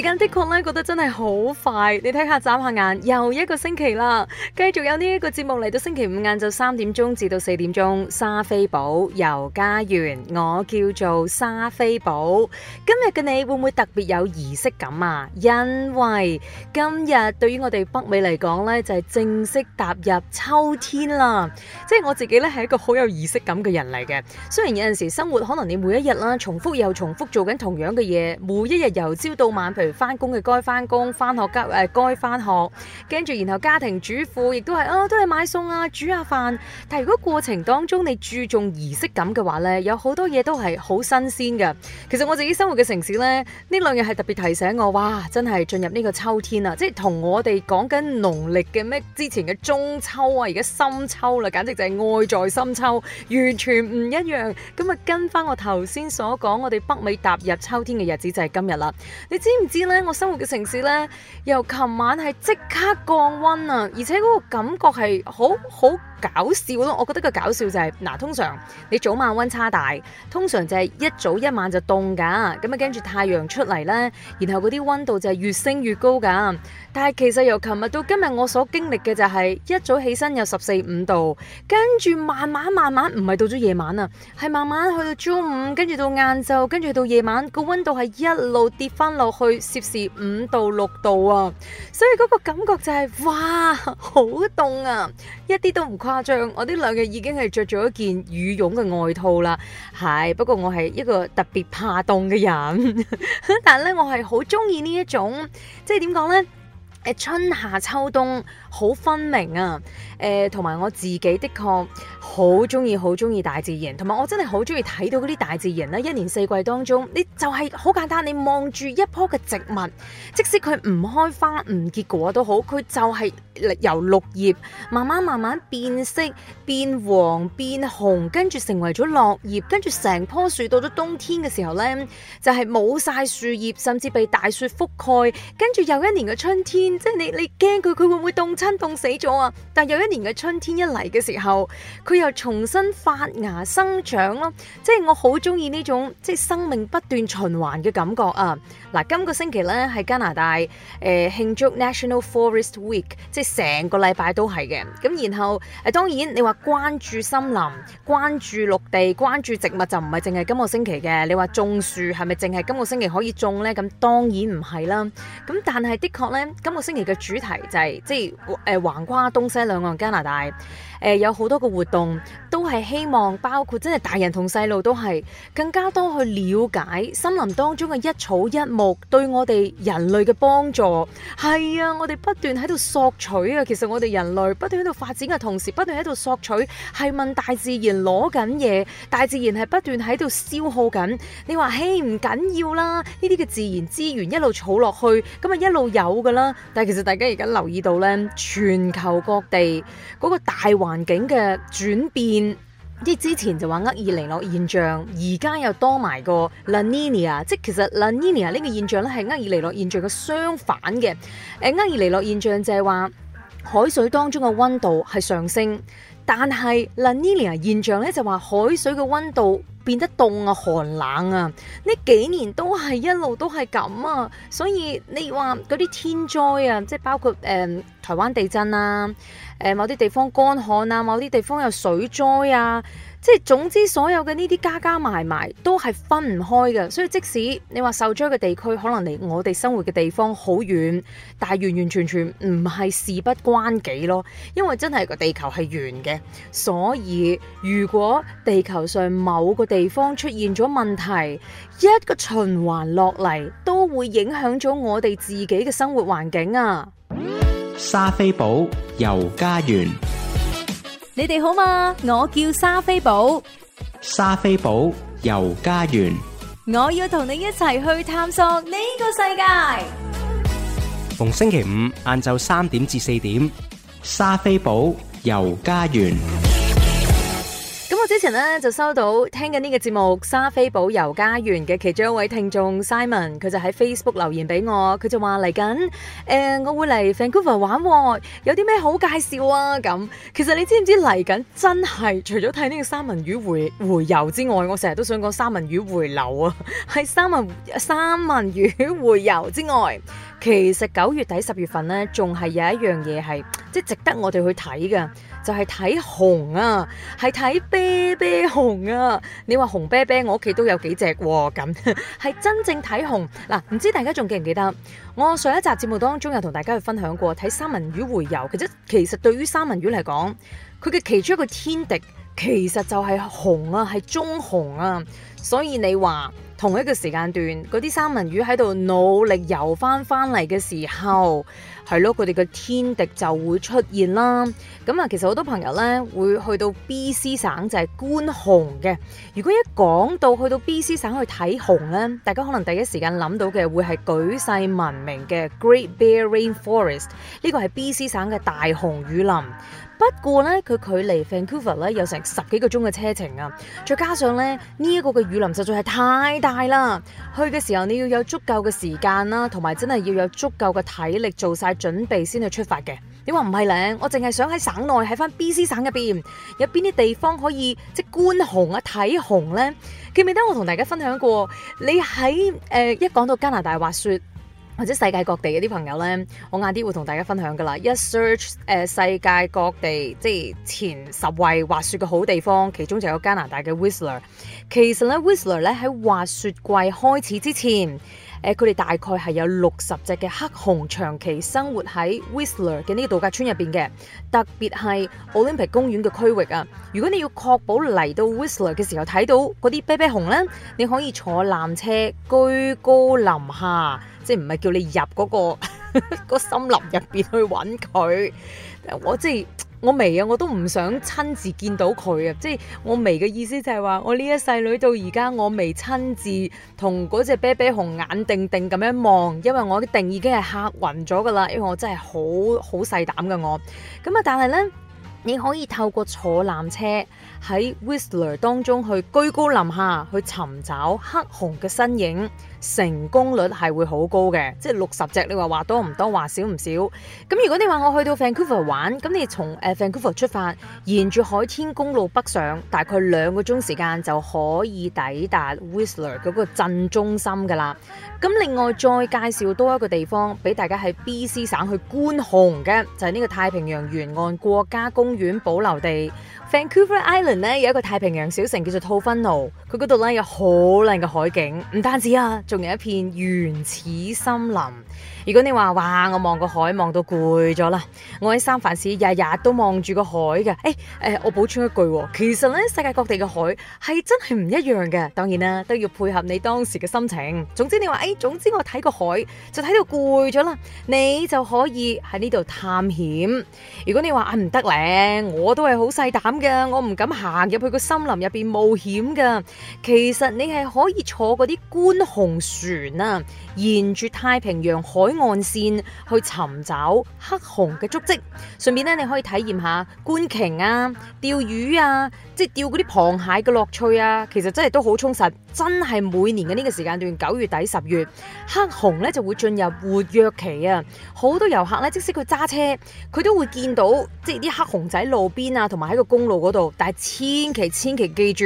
時間的確咧，覺得真係好快。你睇下眨下眼，又一個星期啦。繼續有呢一個節目嚟到星期五晏晝三點鐘至到四點鐘。莎菲寶遊加園，我叫做莎菲寶。今日嘅你會唔會特別有儀式感啊？因為今日對於我哋北美嚟講呢，就係正式踏入秋天啦。即係我自己呢，係一個好有儀式感嘅人嚟嘅。雖然有陣時生活可能你每一日啦，重複又重複做緊同樣嘅嘢，每一日由朝到晚，譬如。翻工嘅該翻工，翻學家誒該翻學，跟住然後家庭主婦亦都係啊，都係買餸啊，煮下飯。但係如果過程當中你注重儀式感嘅話呢，有好多嘢都係好新鮮噶。其實我自己生活嘅城市呢，呢兩日係特別提醒我，哇！真係進入呢個秋天啊，即係同我哋講緊農曆嘅咩之前嘅中秋啊，而家深秋啦，簡直就係愛在深秋，完全唔一樣。咁啊，跟翻我頭先所講，我哋北美踏入秋天嘅日子就係今日啦。你知唔知？我生活嘅城市咧，由琴晚係即刻降溫啊，而且嗰個感覺係好好。搞笑咯，我覺得個搞笑就係、是、嗱，通常你早晚溫差大，通常就係一早一晚就凍噶，咁啊跟住太陽出嚟咧，然後嗰啲溫度就係越升越高噶，但係其實由琴日到今日我所經歷嘅就係、是、一早起身有十四五度，跟住慢慢慢慢唔係到咗夜晚啊，係慢慢去到中午，跟住到晏晝，跟住到夜晚個溫度係一路跌翻落去，攝氏五到六度啊，所以嗰個感覺就係、是、哇，好凍啊，一啲都唔～誇張，我呢兩日已經係着咗一件羽絨嘅外套啦，係不過我係一個特別怕凍嘅人，但係咧我係好中意呢一種，即係點講呢？誒，春夏秋冬。好分明啊！呃、同埋我自己的確好中意，好中意大自然。同埋我真係好中意睇到嗰啲大自然啦、啊。一年四季當中，你就係好簡單，你望住一棵嘅植物，即使佢唔開花、唔結果都好，佢就係由綠葉慢慢慢慢變色，變黃變紅，跟住成為咗落葉，跟住成棵樹到咗冬天嘅時候咧，就係冇晒樹葉，甚至被大雪覆蓋，跟住又一年嘅春天，即係你你驚佢佢會唔會凍。凍死咗啊！但有一年嘅春天一嚟嘅時候，佢又重新發芽生長咯。即係我好中意呢種即係生命不斷循環嘅感覺啊！嗱，今個星期咧係加拿大誒慶、呃、祝 National Forest Week，即係成個禮拜都係嘅。咁然後誒、呃，當然你話關注森林、關注綠地、關注植物就唔係淨係今個星期嘅。你話種樹係咪淨係今個星期可以種呢？咁當然唔係啦。咁但係的確呢，今個星期嘅主題就係、是、即係。誒、呃、橫跨東西兩岸加拿大，誒、呃、有好多個活動，都係希望包括真係大人同細路都係更加多去了解森林當中嘅一草一木對我哋人類嘅幫助。係啊，我哋不斷喺度索取啊，其實我哋人類不斷喺度發展嘅同時，不斷喺度索取，係問大自然攞緊嘢，大自然係不斷喺度消耗緊。你話嘿唔緊要啦，呢啲嘅自然資源一路儲落去，咁啊一路有㗎啦。但係其實大家而家留意到呢。全球各地嗰個大環境嘅轉變，啲之前就話厄爾尼諾現象，而家又多埋個拉尼娜啊！即係其實拉尼娜呢個現象咧係厄爾尼諾現象嘅相反嘅。誒厄爾尼諾現象就係話海水當中嘅溫度係上升，但係拉尼娜現象咧就話海水嘅溫度變得凍啊寒冷啊！呢幾年都係一路都係咁啊！所以你話嗰啲天災啊，即係包括誒、呃台灣地震啦，誒，某啲地方乾旱啊，某啲地方有水災啊，即係總之所有嘅呢啲加加埋埋都係分唔開嘅。所以即使你話受災嘅地區可能離我哋生活嘅地方好遠，但係完完全全唔係事不關己咯。因為真係個地球係圓嘅，所以如果地球上某個地方出現咗問題，一個循環落嚟都會影響咗我哋自己嘅生活環境啊。莎菲寶遊加園，你哋好嘛？我叫莎菲寶，莎菲寶遊加園，我要同你一齊去探索呢個世界。逢星期五晏晝三點至四點，莎菲寶遊加園。之前咧，就收到聽緊呢個節目《莎菲寶遊加園》嘅其中一位聽眾 Simon，佢就喺 Facebook 留言俾我，佢就話嚟緊誒，我會嚟 Vancouver 玩，哦，有啲咩好介紹啊？咁其實你知唔知嚟緊真係除咗睇呢個三文魚回回游之外，我成日都想講三文魚回流啊！喺三文三文魚回游之外，其實九月底十月份呢，仲係有一樣嘢係即係值得我哋去睇㗎。就係睇熊啊，係睇啤啤熊啊！你話熊啤啤，我屋企都有幾隻喎、啊。咁係真正睇熊嗱，唔、啊、知大家仲記唔記得？我上一集節目當中有同大家去分享過睇三文魚回遊。其實其實對於三文魚嚟講，佢嘅其中一個天敵其實就係熊啊，係棕熊啊。所以你話同一個時間段嗰啲三文魚喺度努力遊返返嚟嘅時候。係咯，佢哋嘅天敵就會出現啦。咁啊，其實好多朋友呢會去到 B.C 省就係觀熊嘅。如果一講到去到 B.C 省去睇熊呢，大家可能第一時間諗到嘅會係舉世聞名嘅 Great Bear Rainforest，呢個係 B.C 省嘅大熊雨林。不過呢，佢距離 Vancouver 呢有成十幾個鐘嘅車程啊。再加上呢，呢、這、一個嘅雨林實在係太大啦，去嘅時候你要有足夠嘅時間啦，同埋真係要有足夠嘅體力做晒。準備先去出發嘅，你話唔係咧？我淨係想喺省內，喺翻 B.C 省入邊有邊啲地方可以即觀紅啊睇紅呢？記唔記得我同大家分享過？你喺、呃、一講到加拿大滑雪或者世界各地嘅啲朋友呢，我晏啲會同大家分享噶啦。一 search 世界各地即前十位滑雪嘅好地方，其中就有加拿大嘅 Whistler。其實呢 Whistler 咧喺滑雪季開始之前。誒佢哋大概係有六十隻嘅黑熊長期生活喺 Whistler 嘅呢個度假村入邊嘅，特別係 Olympic 公園嘅區域啊！如果你要確保嚟到 Whistler 嘅時候睇到嗰啲啤啤熊咧，你可以坐纜車居高臨下，即係唔係叫你入嗰、嗰個呵呵森林入邊去揾佢。我即係我未啊，我都唔想親自見到佢啊！即係我未嘅意思就係話，我呢一細女到而家我未親自同嗰隻啤啤熊眼定定咁樣望，因為我定已經係嚇暈咗噶啦，因為我真係好好細膽嘅我。咁啊，但係呢，你可以透過坐纜車。喺 Whistler 當中去居高臨下去尋找黑熊嘅身影，成功率係會好高嘅，即係六十隻，你話話多唔多，話少唔少。咁如果你話我去到 Vancouver 玩，咁你從誒、呃、Vancouver 出發，沿住海天公路北上，大概兩個鐘時間就可以抵達 Whistler 嗰個鎮中心㗎喇。咁另外再介紹多一個地方俾大家喺 BC 省去觀熊嘅，就係、是、呢個太平洋沿岸國家公園保留地。Vancouver Island 咧，有一個太平洋小城叫做吐芬奴。佢嗰度咧，有好靚嘅海景，唔單止啊，仲有一片原始森林。如果你話哇，我望個海望到攰咗啦，我喺三藩市日日都望住個海嘅。誒、哎、誒、呃，我補充一句，其實咧世界各地嘅海係真係唔一樣嘅。當然啦，都要配合你當時嘅心情。總之你話誒、哎，總之我睇個海就睇到攰咗啦，你就可以喺呢度探險。如果你話啊唔得咧，我都係好細膽嘅，我唔敢行入去個森林入邊冒險嘅。其實你係可以坐嗰啲觀紅船啊，沿住太平洋海海岸線去尋找黑熊嘅足跡，順便咧你可以體驗下觀鯨啊、釣魚啊，即係釣嗰啲螃蟹嘅樂趣啊。其實真係都好充實，真係每年嘅呢個時間段九月底十月，黑熊咧就會進入活躍期啊。好多遊客咧，即使佢揸車，佢都會見到即係啲黑熊仔路邊啊，同埋喺個公路嗰度，但係千祈千祈記住。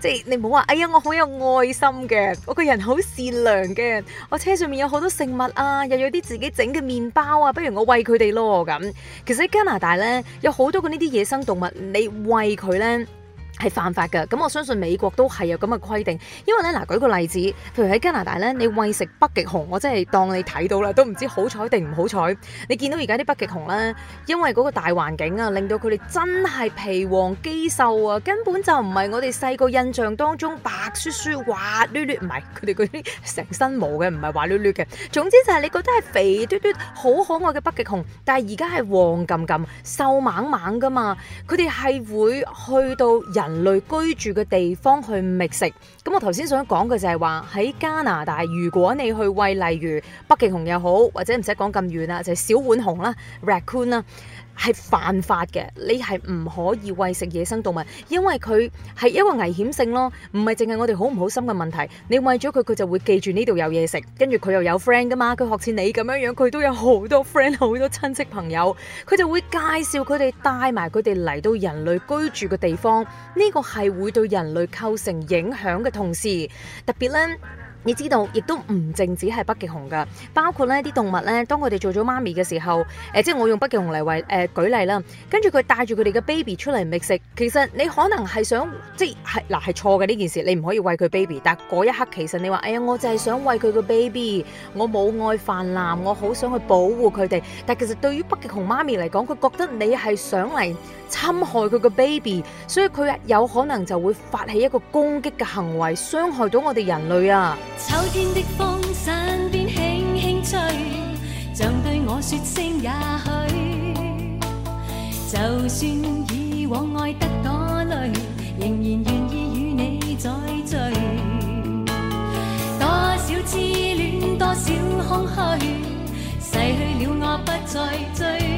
即係你唔好話，哎呀，我好有愛心嘅，我個人好善良嘅，我車上面有好多食物啊，又有啲自己整嘅麵包啊，不如我餵佢哋咯咁。其實喺加拿大咧，有好多嘅呢啲野生動物，你餵佢咧，係犯法嘅，咁我相信美國都係有咁嘅規定。因為咧，嗱，舉個例子，譬如喺加拿大咧，你餵食北極熊，我真係當你睇到啦，都唔知好彩定唔好彩。你見到而家啲北極熊咧，因為嗰個大環境啊，令到佢哋真係皮黃肌瘦啊，根本就唔係我哋細個印象當中白雪雪滑捋捋，唔係佢哋嗰啲成身毛嘅，唔係滑捋捋嘅。總之就係你覺得係肥嘟嘟好可愛嘅北極熊，但係而家係黃冚冚、瘦猛猛噶嘛，佢哋係會去到。人類居住嘅地方去覓食，咁我頭先想講嘅就係話喺加拿大，如果你去餵例如北極熊又好，或者唔使講咁遠啦，就係小浣熊啦，raccoon 啦。係犯法嘅，你係唔可以喂食野生動物，因為佢係一個危險性咯，唔係淨係我哋好唔好心嘅問題。你喂咗佢，佢就會記住呢度有嘢食，跟住佢又有 friend 噶嘛，佢學似你咁樣樣，佢都有好多 friend 好多親戚朋友，佢就會介紹佢哋帶埋佢哋嚟到人類居住嘅地方，呢、呢個係會對人類構成影響嘅同時，特別呢。你知道，亦都唔淨止係北極熊噶，包括呢啲動物呢，當佢哋做咗媽咪嘅時候，呃、即係我用北極熊嚟為、呃、舉例啦。跟住佢帶住佢哋嘅 baby 出嚟覓食。其實你可能係想，即係嗱係錯嘅呢件事，你唔可以餵佢 baby。但係嗰一刻，其實你話：哎呀，我就係想餵佢個 baby，我母愛泛濫，我好想去保護佢哋。但其實對於北極熊媽咪嚟講，佢覺得你係想嚟。侵害佢嘅 baby，所以佢有可能就會發起一個攻擊嘅行為，傷害到我哋人類啊！秋天的風輕輕吹，像對我說聲也許，就算以往愛得多累，仍然願意與你再聚。多少痴戀，多少空虛，逝去了我不再追。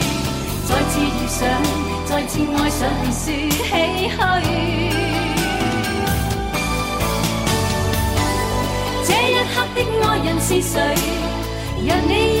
再次遇上，再次愛上，別說唏噓。這一刻的愛人是誰？任你。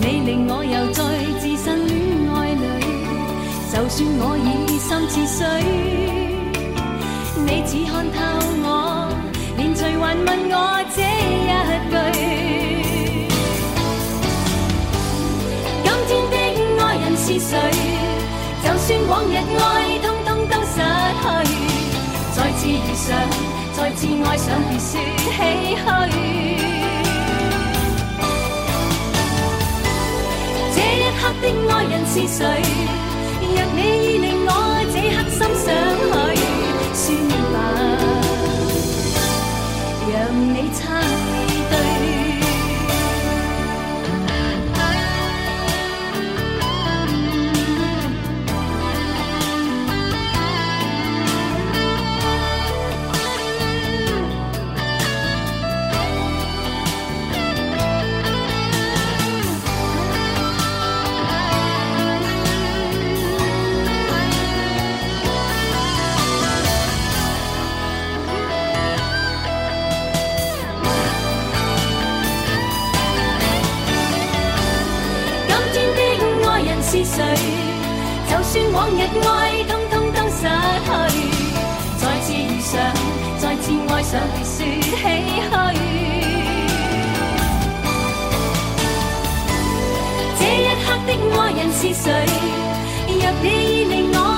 你令我又再置身戀愛裏，就算我已心似水，你只看透我，連隨還問我這一句。今天的愛人是誰？就算往日愛通通都失去，再次遇上，再次愛上，別說唏噓。他的愛人是誰？若你已令我這刻心想去，算吧。讓你猜就算往日愛，通通都失去，再次遇上，再次愛上，別說唏噓。這一刻的愛人是誰？若你已令我。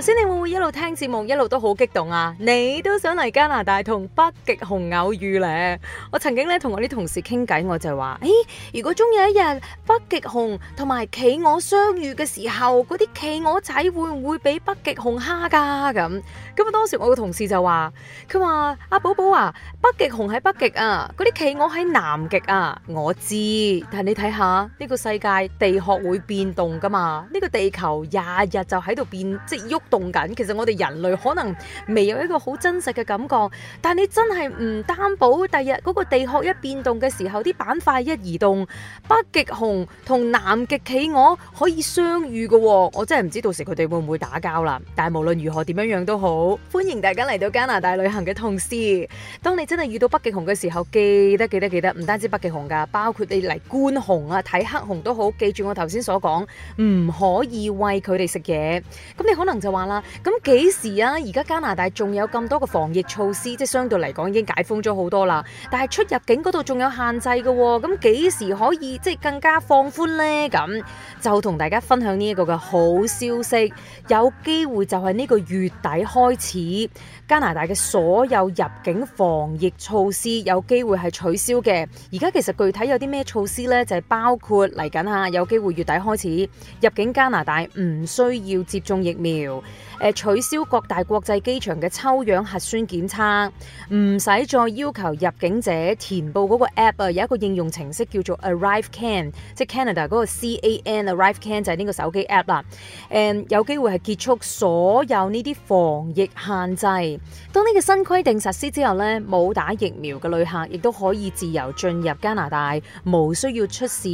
頭先你會唔會一路聽節目一路都好激動啊？你都想嚟加拿大同北極熊偶遇咧？我曾經咧同我啲同事傾偈，我就話：誒、哎，如果終有一日北極熊同埋企鵝相遇嘅時候，嗰啲企鵝仔會唔會俾北極熊蝦噶？咁咁啊當時我個同事就話：佢話阿寶寶啊，北極熊喺北極啊，嗰啲企鵝喺南極啊。我知，但係你睇下呢個世界地殼會變動噶嘛？呢、呢個地球日日就喺度變，即係喐。動緊其實我哋人類可能未有一個好真實嘅感覺，但你真係唔擔保，第日嗰個地殼一變動嘅時候，啲板塊一移動，北極熊同南極企鵝可以相遇嘅，哦，我真係唔知到時佢哋會唔會打交啦。但係無論如何點樣樣都好，歡迎大家嚟到加拿大旅行嘅同時。當你真係遇到北極熊嘅時候，記得記得記得，唔單止北極熊噶，包括你嚟觀熊啊、睇黑熊都好，記住我頭先所講，唔可以餵佢哋食嘢，咁你可能就。話啦，咁幾時啊？而家加拿大仲有咁多嘅防疫措施，即係相對嚟講已經解封咗好多啦。但係出入境嗰度仲有限制嘅，咁幾時可以即係更加放寬呢？咁就同大家分享呢一個嘅好消息，有機會就係呢個月底開始，加拿大嘅所有入境防疫措施有機會係取消嘅。而家其實具體有啲咩措施呢？就係包括嚟緊吓，有機會月底開始入境加拿大唔需要接種疫苗。取消各大國際機場嘅抽樣核酸檢測，唔使再要求入境者填報嗰個 App 啊，有一個應用程式叫做 Arrive Can，即係 Canada 嗰個 C A N Arrive Can 就係呢個手機 App 啦，嗯。有機會係結束所有呢啲防疫限制。當呢個新規定實施之後呢，冇打疫苗嘅旅客亦都可以自由進入加拿大，無需要出示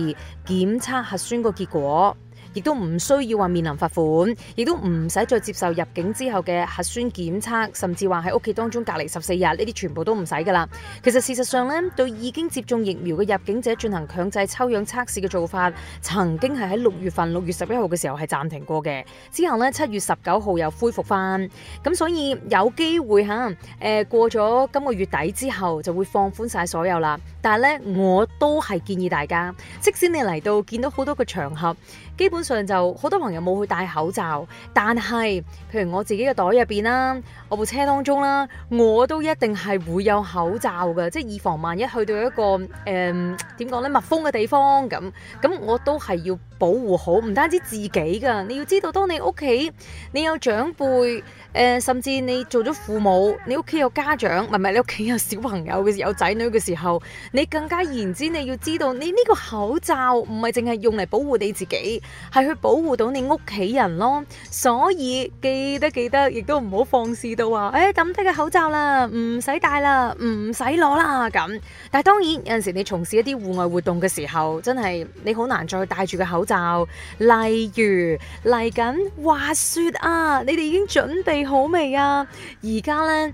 檢測核酸個結果。亦都唔需要話面臨罰款，亦都唔使再接受入境之後嘅核酸檢測，甚至話喺屋企當中隔離十四日呢啲全部都唔使㗎喇。其實事實上呢，對已經接種疫苗嘅入境者進行強制抽樣測試嘅做法，曾經係喺六月份六月十一號嘅時候係暫停過嘅。之後呢，七月十九號又恢復返咁，所以有機會嚇誒、呃、過咗今個月底之後就會放寬晒所有啦。但係呢，我都係建議大家，即使你嚟到見到好多個場合。基本上就好多朋友冇去戴口罩，但係，譬如我自己嘅袋入邊啦。我部車當中啦，我都一定係會有口罩嘅，即係以防萬一去到一個誒，點講呢，密封嘅地方咁，咁我都係要保護好，唔單止自己嘅。你要知道，當你屋企你有長輩，誒、呃、甚至你做咗父母，你屋企有家長，係咪你屋企有小朋友嘅有仔女嘅時候，你更加言之，你要知道，你呢個口罩唔係淨係用嚟保護你自己，係去保護到你屋企人咯。所以記得記得，亦都唔好放肆。都話，誒，抌低個口罩啦，唔使戴啦，唔使攞啦咁。但係當然有陣時你從事一啲戶外活動嘅時候，真係你好難再戴住個口罩。例如嚟緊滑雪啊，你哋已經準備好未啊？而家呢，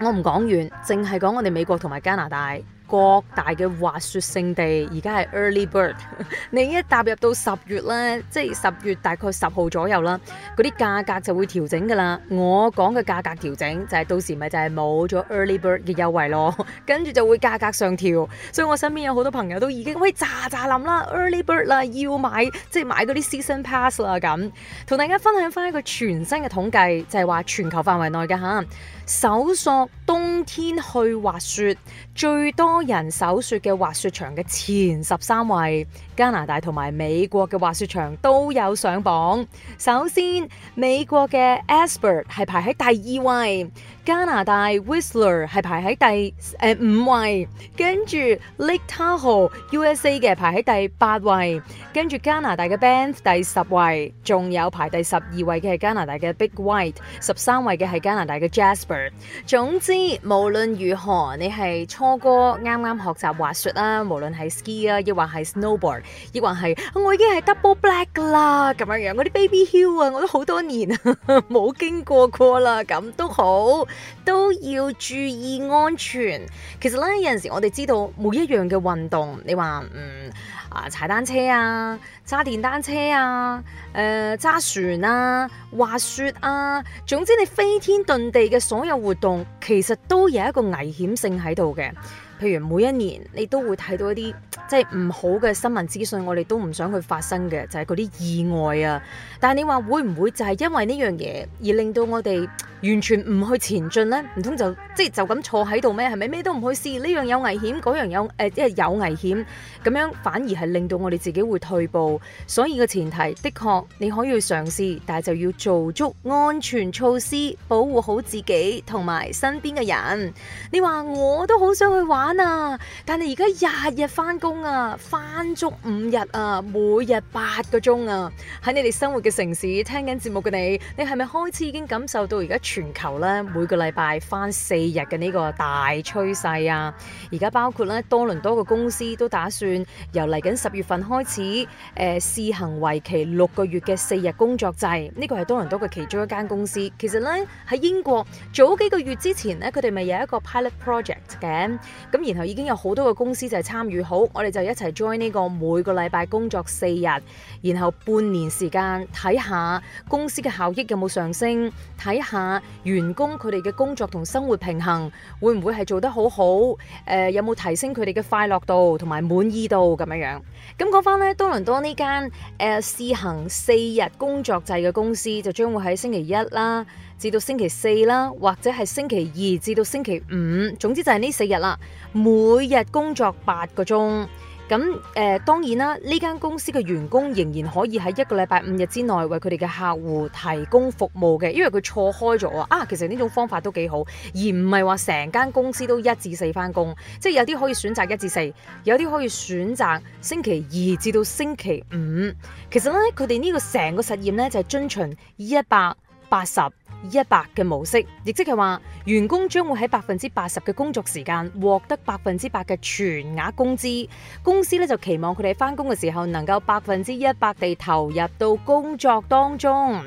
我唔講完，淨係講我哋美國同埋加拿大。各大嘅滑雪勝地而家係 early bird，你一踏入到十月咧，即係十月大概十號左右啦，嗰啲價格就會調整噶啦。我講嘅價格調整就係到時咪就係冇咗 early bird 嘅優惠咯，跟住就會價格上調。所以我身邊有好多朋友都已經喂咋咋諗啦，early bird 啦，要買即係買嗰啲 season pass 啦咁，同大家分享翻一個全新嘅統計，就係話全球範圍內嘅搜索冬天去滑雪最多人搜索嘅滑雪場嘅前十三位，加拿大同埋美國嘅滑雪場都有上榜。首先，美國嘅 Aspen 係排喺第二位。加拿大 Whistler 係排喺第誒五位，跟住 Lake Tahoe USA 嘅排喺第八位，跟住加拿大嘅 Banff 第十位，仲有排第十二位嘅係加拿大嘅 Big White，十三位嘅係加拿大嘅 Jasper。總之，無論如何，你係初哥啱啱學習滑雪啦，無論係 ski 是是啊，亦或係 snowboard，亦或係我已經係 double black 啦，咁樣樣，我啲 baby hill 啊，我都好多年冇經過過啦，咁都好。都要注意安全。其實咧，有陣時我哋知道每一樣嘅運動，你話嗯啊，踩單車啊，揸電單車啊，誒、呃，揸船啊，滑雪啊，總之你飛天遁地嘅所有活動，其實都有一個危險性喺度嘅。譬如每一年你都會睇到一啲即係唔好嘅新聞資訊，我哋都唔想去發生嘅，就係嗰啲意外啊！但係你話會唔會就係因為呢樣嘢而令到我哋完全唔去前進咧？唔通就即係就咁坐喺度咩？係咪咩都唔去試？呢樣有危險樣有誒，即係有危險，咁樣反而係令到我哋自己會退步。所以個前提，的確你可以去嘗試，但係就要做足安全措施，保護好自己同埋身邊嘅人。你話我都好想去玩。現在日日啊！但係而家日日返工啊，返足五日啊，每日八個鐘啊，喺你哋生活嘅城市聽緊節目嘅你，你係咪開始已經感受到而家全球咧每個禮拜返四日嘅呢個大趨勢啊？而家包括咧多倫多嘅公司都打算由嚟緊十月份開始，誒、呃、試行為期六個月嘅四日工作制。呢、這個係多倫多嘅其中一間公司。其實咧喺英國早幾個月之前咧，佢哋咪有一個 pilot project 嘅。咁然後已經有好多個公司就係參與。好，好，我哋就一齊 join 呢個每個禮拜工作四日，然後半年時間睇下公司嘅效益有冇上升，睇下員工佢哋嘅工作同生活平衡會唔會係做得好好，誒、呃、有冇提升佢哋嘅快樂度同埋滿意度咁樣樣。咁講翻咧多倫多呢間誒試行四日工作制嘅公司，就將會喺星期一啦。至到星期四啦，或者係星期二至到星期五，總之就係呢四日啦。每日工作八個鐘，咁誒，呃，當然啦。呢間公司嘅員工仍然可以喺一個禮拜五日之內為佢哋嘅客戶提供服務嘅，因為佢錯開咗啊。其實呢種方法都幾好，而唔係話成間公司都一至四翻工，即係有啲可以選擇一至四，有啲可以選擇星期二至到星期五。其實咧，佢哋呢個成個實驗咧就係、是、遵循一百八十。一百嘅模式，亦即係話，員工將會喺百分之八十嘅工作時間獲得百分之百嘅全額工資。公司咧就期望佢哋翻工嘅時候能夠百分之一百地投入到工作當中。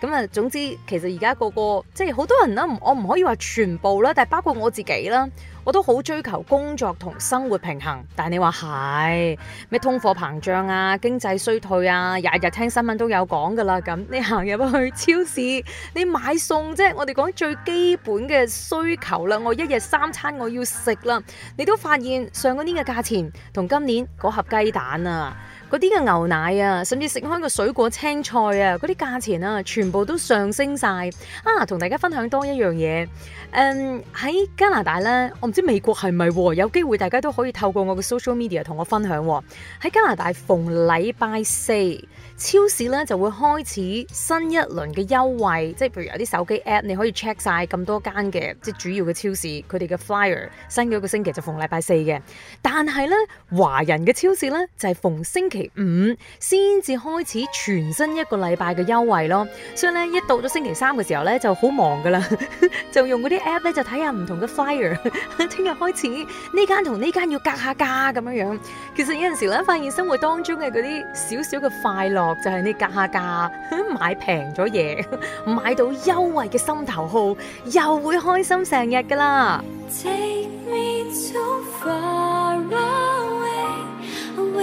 咁啊，總之其實而家個個即係好多人啦，我唔可以話全部啦，但係包括我自己啦。我都好追求工作同生活平衡，但係你話係咩通貨膨脹啊、經濟衰退啊，日日聽新聞都有講噶啦。咁你行入去超市，你買餸，即係我哋講最基本嘅需求啦。我一日三餐我要食啦，你都發現上嗰年嘅價錢同今年嗰盒雞蛋啊。嗰啲嘅牛奶啊，甚至食開個水果青菜啊，嗰啲價錢啊，全部都上升晒啊！同大家分享多一樣嘢，誒、嗯，喺加拿大咧，我唔知美國係咪有機會，大家都可以透過我嘅 social media 同我分享喎、哦。喺加拿大逢禮拜四，超市咧就會開始新一輪嘅優惠，即係譬如有啲手機 app 你可以 check 晒咁多間嘅即係主要嘅超市佢哋嘅 flyer，新一個星期就逢禮拜四嘅，但係咧華人嘅超市咧就係、是、逢星期。五先至開始全新一個禮拜嘅優惠咯，所以咧一到咗星期三嘅時候咧就好忙噶啦，就，的 就用嗰啲 app 咧就睇下唔同嘅 flyer，聽日開始呢間同呢間要格下價咁樣樣。其實有陣時咧發現生活當中嘅嗰啲小小嘅快樂，就係你格下價買平咗嘢，買到優惠嘅心頭好，又會開心成日噶啦。Take me too far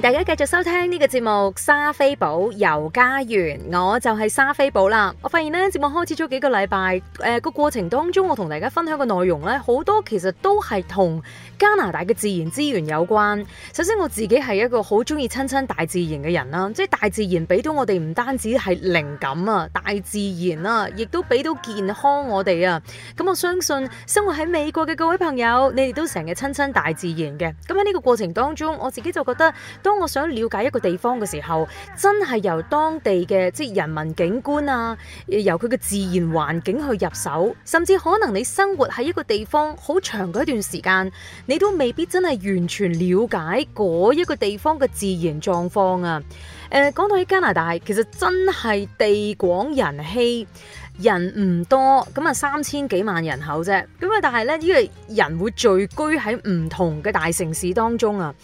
大家繼續收聽呢個節目《莎菲寶遊加園》，我就係莎菲寶啦。我發現呢節目開始咗幾個禮拜，誒、呃、個過程當中，我同大家分享嘅內容呢，好多其實都係同加拿大嘅自然資源有關。首先我自己係一個好中意親親大自然嘅人啦，即係大自然俾到我哋唔單止係靈感啊，大自然啊，亦都俾到健康我哋啊。咁我相信生活喺美國嘅各位朋友，你哋都成日親親大自然嘅。咁喺呢個過程當中，我自己就覺得。當我想了解一個地方嘅時候，真係由當地嘅即係人文景觀啊，由佢嘅自然環境去入手，甚至可能你生活喺一個地方好長嘅一段時間，你都未必真係完全了解嗰一個地方嘅自然狀況啊。誒、呃，講到喺加拿大，其實真係地廣人稀，人唔多，咁啊三千幾萬人口啫，咁啊，但係咧呢、這個人會聚居喺唔同嘅大城市當中啊。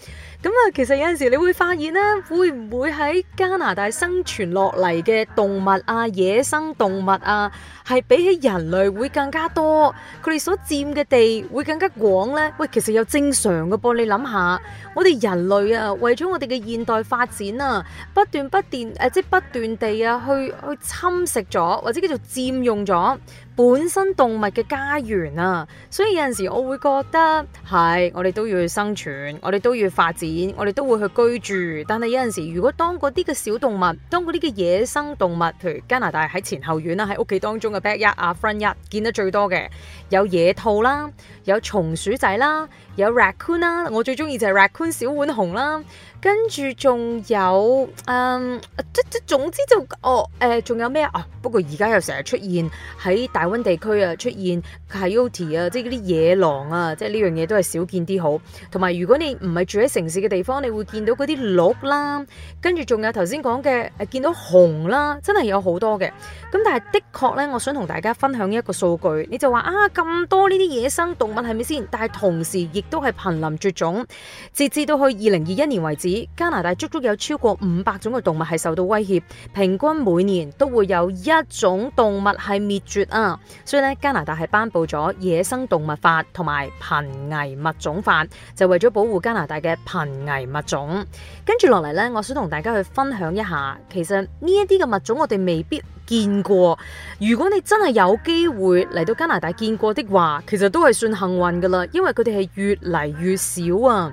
咁啊，其實有陣時你會發現咧，會唔會喺加拿大生存落嚟嘅動物啊、野生動物啊，係比起人類會更加多？佢哋所佔嘅地會更加廣呢？喂，其實有正常嘅噃，你諗下，我哋人類啊，為咗我哋嘅現代發展啊，不斷不斷誒，即係不斷地啊，去去侵蝕咗或者叫做佔用咗。本身動物嘅家園啊，所以有陣時我會覺得係，我哋都要去生存，我哋都要發展，我哋都會去居住。但係有陣時，如果當嗰啲嘅小動物，當嗰啲嘅野生動物，譬如加拿大喺前後院啦，喺屋企當中嘅 backyard 啊，front yard 見得最多嘅，有野兔啦，有松鼠仔啦，有 raccoon 啦，我最中意就係 raccoon 小浣熊啦。跟住仲有，嗯，即即總之就，哦，誒、呃、仲有咩啊、哦？不過而家又成日出現喺大溫地區啊，出現 Coyote 啊，即係啲野狼啊，即係呢樣嘢都係少見啲好。同埋，如果你唔係住喺城市嘅地方，你會見到啲鹿啦，跟住仲有頭先講嘅，誒見到熊啦，真係有好多嘅。咁但係的確咧，我想同大家分享一個數據你就話啊，咁多呢啲野生動物係咪先？但係同時亦都係瀕臨絕種，直至到去二零二一年為止。加拿大足足有超過五百種嘅動物係受到威脅，平均每年都會有一種動物係滅絕啊！所以咧，加拿大係頒布咗《野生動物法》同埋《瀕危物種法》，就為咗保護加拿大嘅瀕危物種。跟住落嚟呢，我想同大家去分享一下，其實呢一啲嘅物種我哋未必見過。如果你真係有機會嚟到加拿大見過的話，其實都係算幸運噶啦，因為佢哋係越嚟越少啊。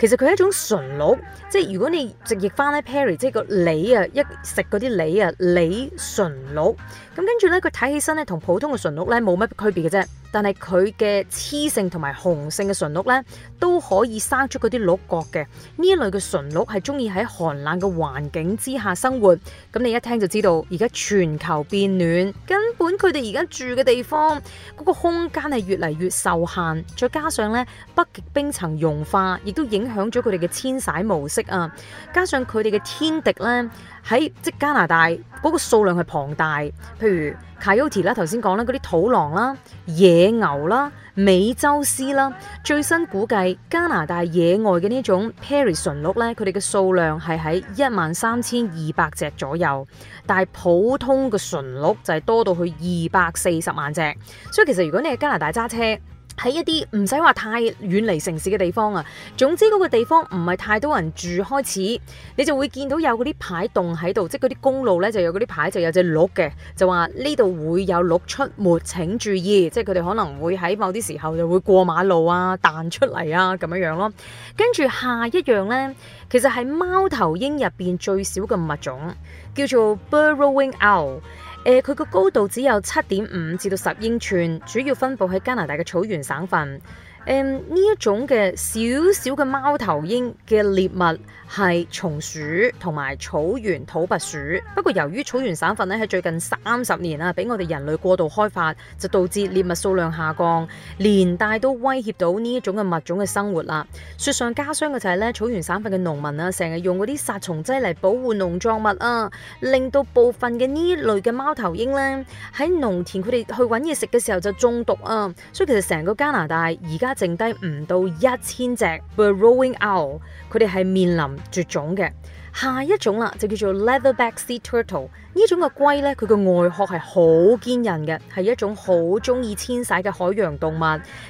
其實佢係一種馴鹿，即係如果你直譯返咧，Peary，即係個梨啊，一食嗰啲梨啊，梨馴鹿。咁跟住咧，佢睇起身咧，同普通嘅馴鹿咧冇乜區別嘅啫。但係佢嘅雌性同埋雄性嘅馴鹿咧，都可以生出嗰啲鹿角嘅。呢類嘅馴鹿係鍾意喺寒冷嘅環境之下生活。咁你一聽就知道，而家全球變暖，根本佢哋而家住嘅地方嗰個空間係越嚟越受限，再加上咧北極冰層融化，亦都影響咗佢哋嘅遷徙模式啊，加上佢哋嘅天敵呢，喺即加拿大嗰，那個數量係龐大，譬如 Coyote 啦，頭先講啦，嗰啲土狼啦、野牛啦、美洲獅啦，最新估計加拿大野外嘅呢種 Peary 馴鹿呢，佢哋嘅數量係喺一萬三千二百隻左右，但係普通嘅馴鹿就係多到去二百四十萬隻，所以其實如果你喺加拿大揸車。喺一啲唔使話太遠離城市嘅地方啊，總之嗰個地方唔係太多人住，開始你就會見到有嗰啲牌洞喺度，即係嗰啲公路呢就有嗰啲牌，就有隻鹿嘅，就話呢度會有鹿出沒，請注意，即係佢哋可能會喺某啲時候就會過馬路啊，彈出嚟啊咁樣樣咯。跟住下一樣呢，其實係貓頭鷹入邊最小嘅物種，叫做 Burrowing Owl。佢、呃、個高度只有七點五至到十英寸，主要分佈喺加拿大嘅草原省份。誒呢一種嘅小小嘅貓頭鷹嘅獵物係松鼠同埋草原土撥鼠。不過由於草原省份咧喺最近三十年啊，俾我哋人類過度開發，就導致獵物數量下降，連帶都威脅到呢一種嘅物種嘅生活啦。雪上加霜嘅就係咧草原省份嘅農民啊，成日用嗰啲殺蟲劑嚟保護農作物啊，令到部分嘅呢類嘅貓頭鷹呢喺農田佢哋去揾嘢食嘅時候就中毒啊。所以其實成個加拿大而家，剩低唔到一千隻 burrowing owl，佢哋係面臨絕種嘅。下一種啦，就叫做 Leatherback Sea Turtle。呢種嘅龜呢，佢嘅外殼係好堅韌嘅，係一種好中意遷徙嘅海洋動物，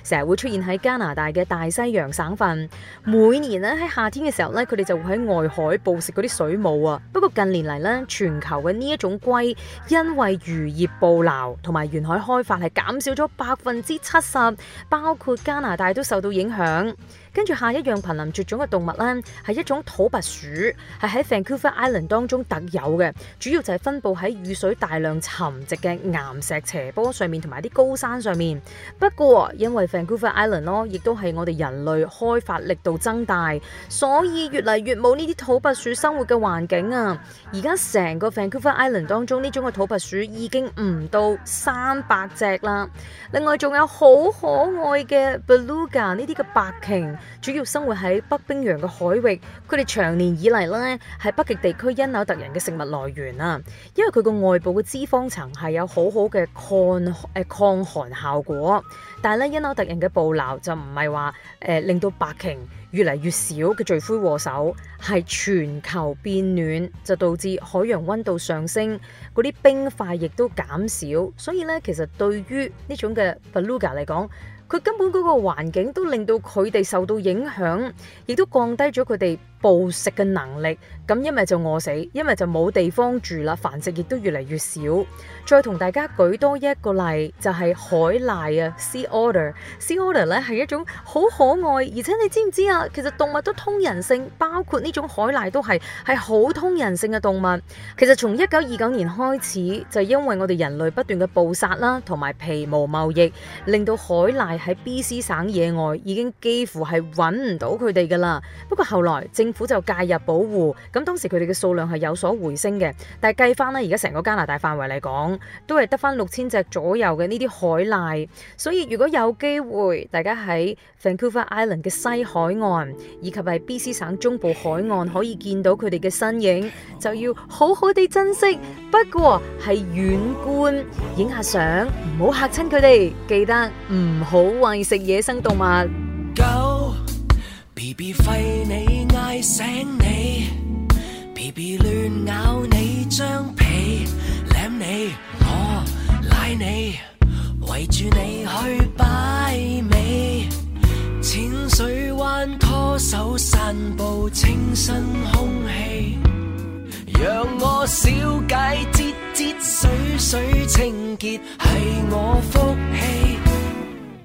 成日會出現喺加拿大嘅大西洋省份。每年呢，喺夏天嘅時候呢，佢哋就會喺外海捕食嗰啲水母啊。不過近年嚟呢，全球嘅呢一種龜因為漁業捕撈同埋沿海開發係減少咗百分之七十，包括加拿大都受到影響。跟住下一樣瀕臨絕種嘅動物咧，係一種土拔鼠，係喺 Vancouver Island 當中特有嘅，主要就係分布喺雨水大量沉積嘅岩石斜坡上面同埋啲高山上面。不過因為 Vancouver Island 咯，亦都係我哋人類開發力度增大，所以越嚟越冇呢啲土拔鼠生活嘅環境啊！而家成個 Vancouver Island 當中呢種嘅土拔鼠已經唔到三百隻啦。另外仲有好可愛嘅 Beluga 呢啲嘅白鯨。主要生活喺北冰洋嘅海域，佢哋長年以嚟咧喺北極地區因紐特人嘅食物來源啊，因為佢個外部嘅脂肪層係有好好嘅抗誒、呃、抗寒效果。但係咧，因紐特人嘅捕撈就唔係話誒令到白鯨越嚟越少嘅罪魁禍首，係全球變暖就導致海洋温度上升，嗰啲冰塊亦都減少。所以咧，其實對於呢種嘅 Beluga 嚟講，佢根本嗰個環境都令到佢哋受到影響，亦都降低咗佢哋捕食嘅能力，咁一咪就餓死，一咪就冇地方住啦，繁殖亦都越嚟越少。再同大家舉多一個例，就係、是、海獺啊，Sea Otter。Sea Otter 咧係一種好可愛，而且你知唔知啊？其實動物都通人性，包括呢種海獺都係係好通人性嘅動物。其實從一九二九年開始，就因為我哋人類不斷嘅捕殺啦，同埋皮毛貿易，令到海獺喺 BC 省野外已經幾乎係揾唔到佢哋噶啦。不過後來正政府就介入保護，咁當時佢哋嘅數量係有所回升嘅，但係計翻咧，而家成個加拿大範圍嚟講，都係得翻六千隻左右嘅呢啲海獺，所以如果有機會，大家喺 Vancouver Island 嘅西海岸以及係 BC 省中部海岸可以見到佢哋嘅身影，就要好好地珍惜。不過係遠觀，影下相，唔好嚇親佢哋，記得唔好餵食野生動物。bb 吠你嗌醒你，bb 亂咬你張被，舐你我拉你，圍住你去擺尾。淺水灣拖手散步清新空氣，讓我小解，節節水水清潔係我福氣。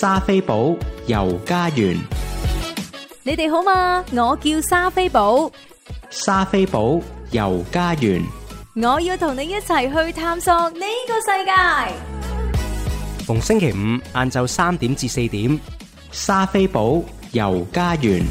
莎菲寶遊加園，你哋好嘛？我叫莎菲寶，莎菲寶遊加園，我要同你一齊去探索呢個世界。逢星期五晏晝三點至四點，莎菲寶遊加園。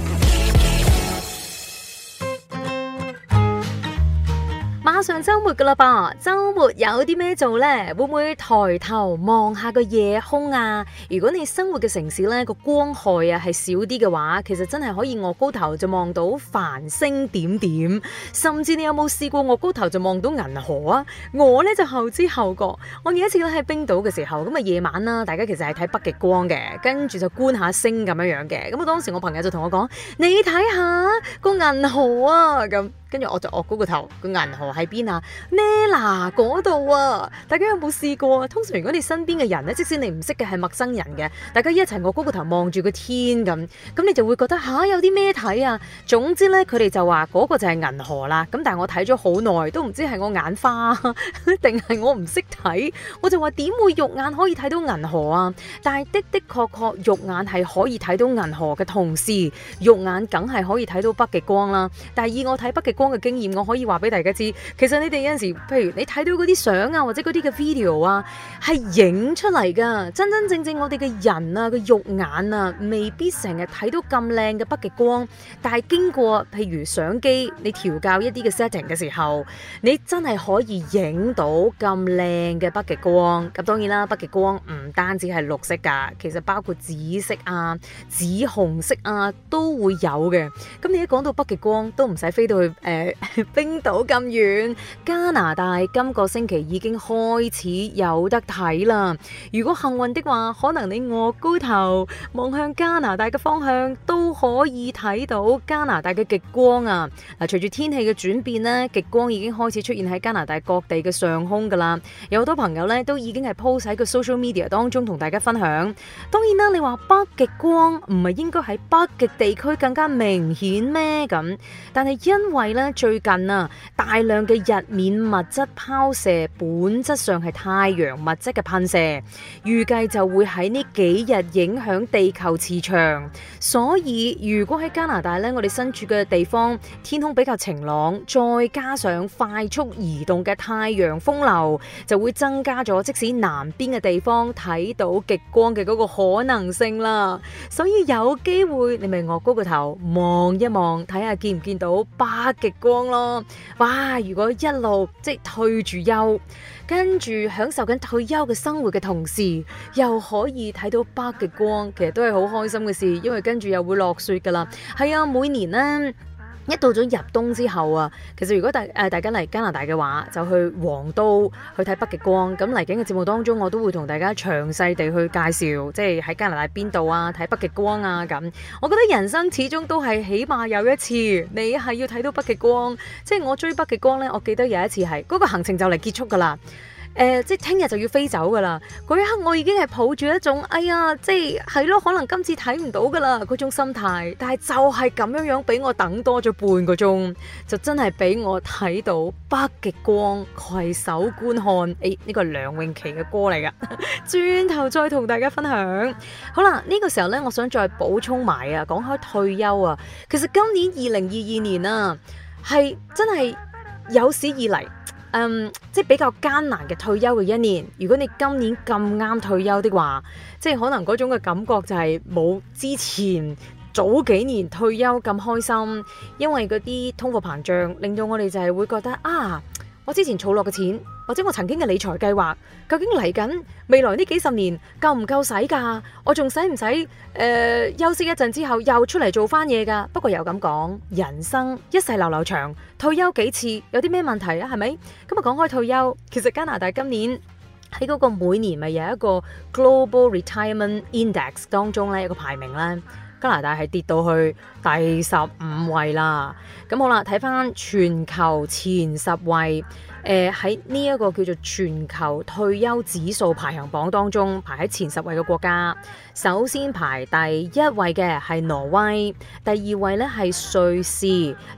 馬上周末噶啦噃，周末有啲咩做呢？會唔會抬頭望下個夜空啊？如果你生活嘅城市呢個光害啊係少啲嘅話，其實真係可以我高頭就望到繁星點點，甚至你有冇試過我高頭就望到銀河啊？我呢就後知後覺，我有一次咧喺冰島嘅時候，咁啊夜晚啦，大家其實係睇北極光嘅，跟住就觀下星咁樣樣嘅，咁我當時我朋友就同我講：你睇下個銀河啊咁。跟住我就擱嗰個頭，個銀河喺邊啊？呢嗱度啊。大家有冇試過啊？通常如果你身邊嘅人咧，即使你唔識嘅係陌生人嘅，大家一齊擱嗰個頭望住個天咁，咁你就會覺得吓、啊、有啲咩睇啊？總之咧，佢哋就話，嗰個就係銀河啦。咁但係我睇咗好耐，都唔知係我眼花定係我唔識睇。我就話點會肉眼可以睇到銀河啊？但係的的確確肉眼係可以睇到銀河嘅同時肉眼梗係可以睇到北極光啦。但係以我睇北極光嘅經驗，我可以話俾大家知。其實你哋有陣時，譬如你睇到嗰啲相啊，或者嗰啲嘅 video 啊，係影出嚟㗎。真真正正我哋嘅人啊，個肉眼啊，未必成日睇到咁靚嘅北極光。但係經過譬如相機你調教一啲嘅 setting 嘅時候，你真係可以影到咁靚嘅北極光。咁當然啦，北極光唔單止係綠色㗎，其實包括紫色啊、紫紅色啊都會有嘅。咁你一講到北極光，都唔使飛到去。誒，冰島咁遠，加拿大今個星期已經開始有得睇啦。如果幸運的話，可能你岳高頭望向加拿大嘅方向都可以睇到加拿大嘅極光啊！嗱、啊，隨住天氣嘅轉變呢，極光已經開始出現喺加拿大各地嘅上空噶啦。有好多朋友呢，都已經係 po 喺個 social media 當中同大家分享。當然啦，你話北極光唔係應該喺北極地區更加明顯咩？咁，但係因為。咧，最近啊，大量嘅日冕物質拋射，本質上係太陽物質嘅噴射，預計就會喺呢幾日影響地球磁場。所以如果喺加拿大咧，我哋身處嘅地方天空比較晴朗，再加上快速移動嘅太陽風流，就會增加咗即使南邊嘅地方睇到極光嘅嗰個可能性啦。所以有機會，你咪昂高個頭望一望，睇下見唔見到北極極光咯，哇！如果一路即係退住休，跟住享受緊退休嘅生活嘅同時，又可以睇到北極光，其實都係好開心嘅事，因為跟住又會落雪㗎喇。係啊，每年呢。一到咗入冬之後啊，其實如果大大家嚟加拿大嘅話，就去黃都去睇北極光。咁嚟緊嘅節目當中，我都會同大家詳細地去介紹，即係喺加拿大邊度啊睇北極光啊咁。我覺得人生始終都係起碼有一次，你係要睇到北極光。即係我追北極光呢。我記得有一次係嗰個行程就嚟結束㗎喇。誒、呃，即係聽日就要飛走噶啦！嗰一刻我已經係抱住一種，哎呀，即係係咯，可能今次睇唔到噶啦嗰種心態。但係就係咁樣樣俾我等多咗半個鐘，就真係俾我睇到北極光，攜手觀看。誒、哎，呢個係梁詠琪嘅歌嚟噶，轉 頭再同大家分享。好啦，呢、這個時候呢，我想再補充埋啊，講開退休啊，其實今年二零二二年啊，係真係有史以嚟。嗯，um，即係比較艱難嘅退休嘅一年。如果你今年咁啱退休的話，即係可能嗰種嘅感覺就係冇之前早幾年退休咁開心，因為嗰啲通貨膨脹令到我哋就係會覺得啊。我之前儲落嘅錢，或者我曾經嘅理財計劃，究竟嚟緊未來呢幾十年夠唔夠使噶？我仲使唔使誒？休息一陣之後又出嚟做翻嘢噶？不過又咁講，人生一世流流長，退休幾次有啲咩問題啊？係咪？咁啊講開退休，其實加拿大今年喺嗰個每年咪有一個 Global Retirement Index 當中咧，有一個排名咧，加拿大係跌到去第十五位啦。咁好啦，睇翻全球前十位，誒喺呢一個叫做全球退休指數排行榜當中，排喺前十位嘅國家，首先排第一位嘅係挪威，第二位咧係瑞士，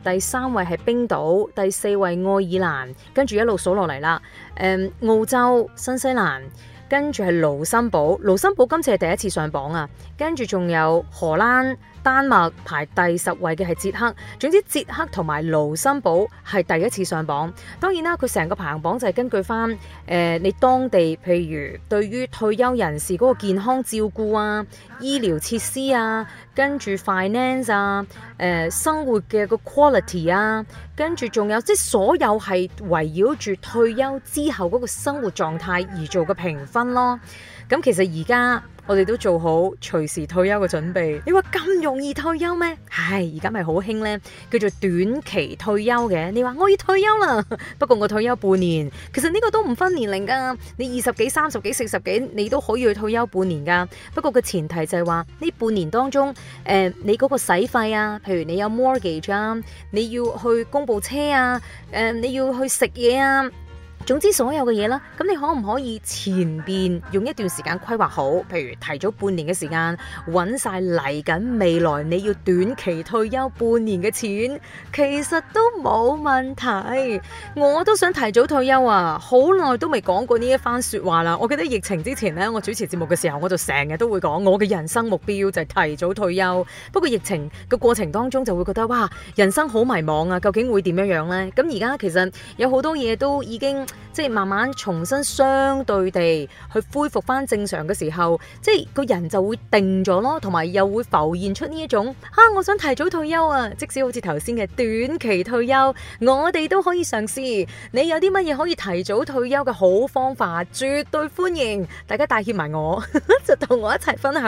第三位係冰島，第四位愛爾蘭，跟住一路數落嚟啦，誒澳洲、新西蘭。跟住係盧森堡，盧森堡今次係第一次上榜啊！跟住仲有荷蘭、丹麥排第十位嘅係捷克，總之捷克同埋盧森堡係第一次上榜。當然啦，佢成個排行榜就係根據返誒、呃、你當地，譬如對於退休人士嗰個健康照顧啊、醫療設施啊，跟住 finance 啊、誒、呃、生活嘅個 quality 啊。跟住仲有，即所有係圍繞住退休之後嗰個生活狀態而做嘅評分咯、咁。其實而家我哋都做好隨時退休嘅準備。你話咁容易退休咩？唉，而家咪好興呢，叫做短期退休嘅。你話我要退休啦，不過我退休半年。其實呢個都唔分年齡噶，你二十幾、三十幾、四十幾，你都可以去退休半年噶。不過個前提就係話呢半年當中，呃、你嗰個使費啊，譬如你有 mortgage 啊，你要去供部車啊、呃，你要去食嘢啊。總之所有嘅嘢啦，咁你可唔可以前邊用一段時間規劃好？譬如提早半年嘅時間揾晒嚟緊未來你要短期退休半年嘅錢，其實都冇問題。我都想提早退休啊，好耐都未講過呢一番說話啦。我記得疫情之前呢，我主持節目嘅時候，我就成日都會講我嘅人生目標就係提早退休。不過疫情嘅過程當中，就會覺得哇，人生好迷茫啊，究竟會點樣樣呢？咁而家其實有好多嘢都已經。即係慢慢重新相對地去恢復返正常嘅時候，即係個人就會定咗咯，同埋又會浮現出呢一種，吓、啊、我想提早退休啊！即使好似頭先嘅短期退休，我哋都可以嘗試。你有啲乜嘢可以提早退休嘅好方法，絕對歡迎大家帶挈埋我， 就同我一齊分享。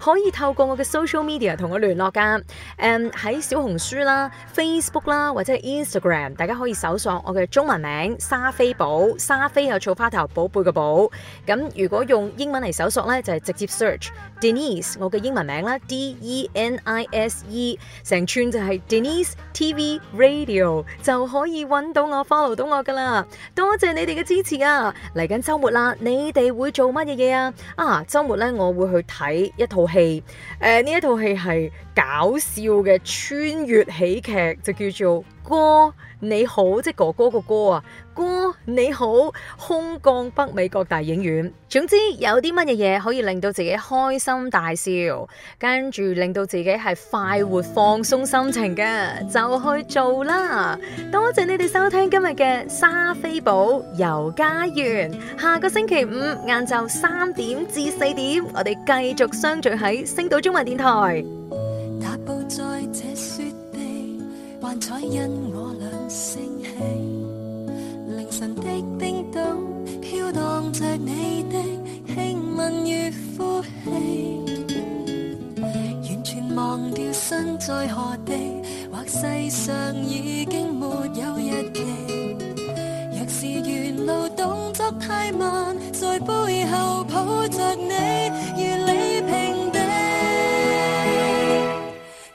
可以透過我嘅 social media 同我聯絡㗎，喺、嗯、小紅書啦、Facebook 啦或者係 Instagram，大家可以搜索我嘅中文名莎菲。菲寶、沙菲有草花頭，寶貝嘅寶。咁如果用英文嚟搜索呢，就係直接 search Denise，我嘅英文名啦 D E N I S E，成串就係 Denise TV Radio 就可以揾到我，follow 到我噶啦。多謝你哋嘅支持啊！嚟緊周末啦，你哋會做乜嘢嘢啊？啊，周末呢，我會去睇一套戲，誒呢一套戲係搞笑嘅穿越喜劇，就叫做歌。你好，即、就是、哥哥個哥啊，哥你好，空降北美各大影院。總之有啲乜嘢嘢可以令到自己開心大笑，跟住令到自己係快活放鬆心情嘅，就去做啦。多謝你哋收聽今日嘅莎菲寶遊加園。下個星期五晏晝三點至四點，我哋繼續相聚喺星島中文電台。踏步在這雪地，幻彩因我。升起，凌晨的冰島飄蕩着你的輕吻與呼氣，完全忘掉身在何地，或世上已經沒有日期。若是沿路動作太慢，在背後抱着你，如你平地，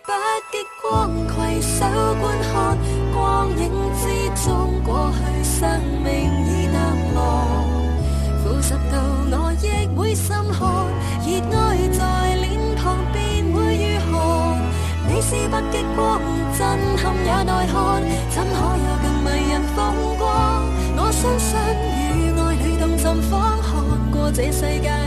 不極光攜手觀看。生命已淡忘，負十度我亦會心寒，熱愛在臉龐便會愈寒。你是北極光，震撼也耐看，怎可有更迷人風光？我相信與愛侶同綻放，看過這世界。